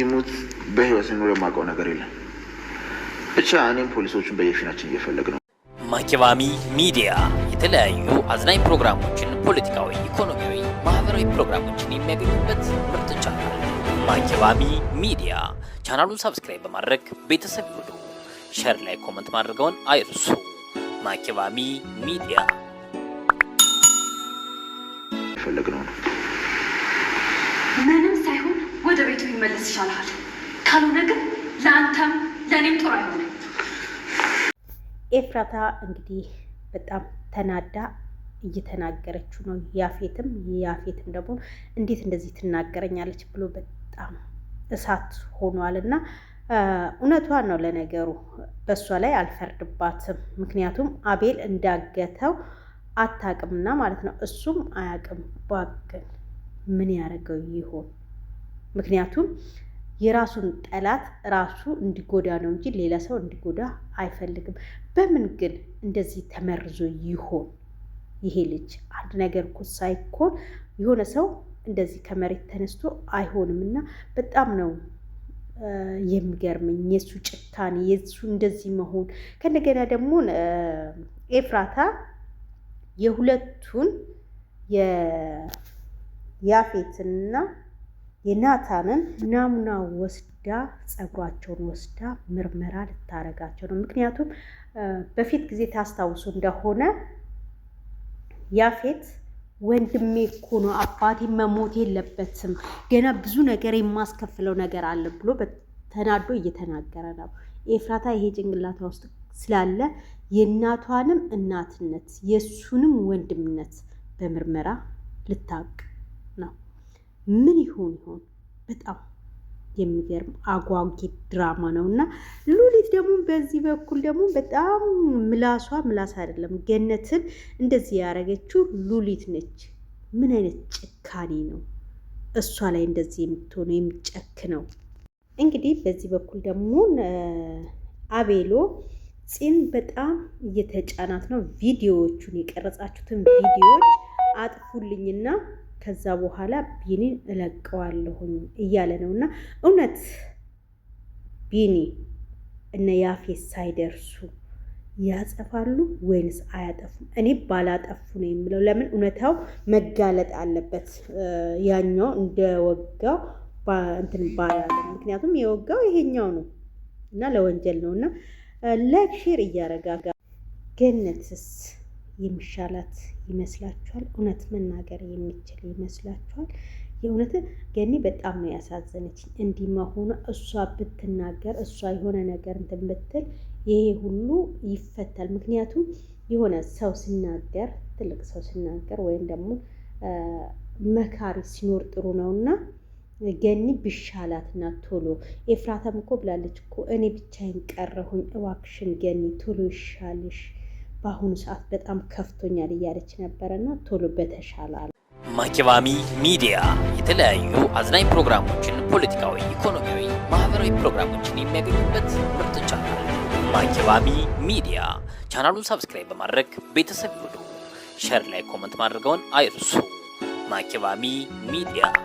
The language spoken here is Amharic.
ይሙት በህይወት ኑሮ የማውቀው ነገር የለም። ብቻ እኔም ፖሊሶቹን በየፊናችን እየፈለግ ነው። ማኪባሚ ሚዲያ የተለያዩ አዝናኝ ፕሮግራሞችን፣ ፖለቲካዊ፣ ኢኮኖሚያዊ፣ ማህበራዊ ፕሮግራሞችን የሚያገኙበት ምርጥ ቻናል ማኪባሚ ሚዲያ። ቻናሉን ሳብስክራይብ በማድረግ ቤተሰብ ይሁኑ። ሸር ላይ ኮመንት ማድረገውን አይርሱ። ማኪባሚ ሚዲያ የፈለግነው ነው። ምንም ሳይሆን ወደ ቤቱ ይመለስ ይሻልሃል። ካልሆነ ግን ለአንተም ለእኔም ጥሩ አይሆንም። ኤፍራታ እንግዲህ በጣም ተናዳ እየተናገረችው ነው። ያፌትም ያፌትም ደግሞ እንዴት እንደዚህ ትናገረኛለች ብሎ በጣም እሳት ሆኗል እና ነው ለነገሩ በእሷ ላይ አልፈርድባትም። ምክንያቱም አቤል እንዳገተው አታቅምና ማለት ነው እሱም አያቅም። ባግን ምን ያደረገው ይሆን? ምክንያቱም የራሱን ጠላት ራሱ እንዲጎዳ ነው እንጂ ሌላ ሰው እንዲጎዳ አይፈልግም። በምን ግን እንደዚህ ተመርዞ ይሆን ይሄ ልጅ? አንድ ነገር እኮ ሳይኮን የሆነ ሰው እንደዚህ ከመሬት ተነስቶ አይሆንም። እና በጣም ነው የሚገርመኝ የእሱ ጭካኔ፣ የእሱ እንደዚህ መሆን። ከእንደገና ደግሞ ኤፍራታ የሁለቱን የያፌትንና የናታንን ናሙና ወስዳ ጸጉራቸውን ወስዳ ምርመራ ልታረጋቸው ነው። ምክንያቱም በፊት ጊዜ ታስታውሱ እንደሆነ ያፌት ወንድሜ እኮ ነው አባቴ መሞት የለበትም ገና ብዙ ነገር የማስከፍለው ነገር አለ ብሎ ተናዶ እየተናገረ ነው። ኤፍራታ ይሄ ጭንቅላቷ ውስጥ ስላለ የእናቷንም እናትነት የእሱንም ወንድምነት በምርመራ ልታቅ ምን ይሆን ይሆን? በጣም የሚገርም አጓጊ ድራማ ነው እና ሉሊት ደግሞ በዚህ በኩል ደግሞ በጣም ምላሷ ምላስ አይደለም፣ ገነትን እንደዚህ ያደረገችው ሉሊት ነች። ምን አይነት ጭካኔ ነው እሷ ላይ እንደዚህ የምትሆነው የሚጨክ ነው። እንግዲህ በዚህ በኩል ደግሞ አቤሎ ፂን በጣም እየተጫናት ነው። ቪዲዮዎቹን የቀረጻችሁትን ቪዲዮዎች አጥፉልኝና ከዛ በኋላ ቢኒን እለቀዋለሁኝ እያለ ነው እና እውነት ቢኒ እነ ያፌት ሳይደርሱ ያጠፋሉ ወይንስ አያጠፉም? እኔ ባላጠፉ ነው የምለው። ለምን እውነታው መጋለጥ አለበት። ያኛው እንደወጋው እንትን ባላለ፣ ምክንያቱም የወጋው ይሄኛው ነው እና ለወንጀል ነው እና ላይክ ሼር እያረጋጋ ገነትስ የሚሻላት ይመስላችኋል? እውነት መናገር የሚችል ይመስላችኋል? የእውነት ገኒ በጣም ነው ያሳዘነች። እንዲህ መሆኗ እሷ ብትናገር እሷ የሆነ ነገር እንትን ብትል ይሄ ሁሉ ይፈታል። ምክንያቱም የሆነ ሰው ሲናገር ትልቅ ሰው ሲናገር ወይም ደግሞ መካሪ ሲኖር ጥሩ ነው እና ገኒ ብሻላትና ቶሎ ኤፍራታም እኮ ብላለች እኮ እኔ ብቻዬን ቀረሁኝ፣ እባክሽን ገኒ ቶሎ ይሻልሽ በአሁኑ ሰዓት በጣም ከፍቶኛል እያለች ነበረና ቶሎ በተሻለ ማኪባሚ ሚዲያ የተለያዩ አዝናኝ ፕሮግራሞችን፣ ፖለቲካዊ፣ ኢኮኖሚያዊ፣ ማህበራዊ ፕሮግራሞችን የሚያገኙበት ምርጥ ቻናል ማኪባሚ ሚዲያ። ቻናሉን ሰብስክራይብ በማድረግ ቤተሰብ ይሁኑ። ሸር ላይ ኮመንት ማድረገውን አይርሱ። ማኪባሚ ሚዲያ